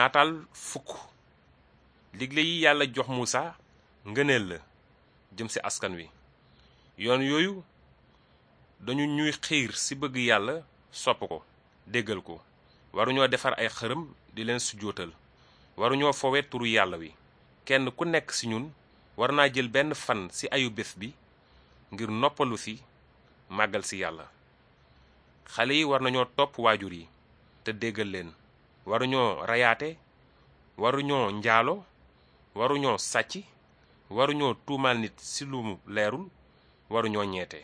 naataal fukk digle yi yàlla jox Muusa ngëneel la jëm ci askan wi yoon yooyu dañu ñuy xiir ci bëgg yàlla sopp ko déggal ko waruñoo defar ay xërëm di leen sujjóotal waruñoo fowe turu yàlla wi kenn ku nekk ci ñun war naa jël benn fan ci ayu bés bi ngir noppalu ci màggal ci yàlla xale yi war nañoo topp waajur yi te déggal leen waruñoo rayaate waruñoo njaalo waruñoo sàcc waruñoo tuumaal nit si lu mu leerul waruñoo ñeete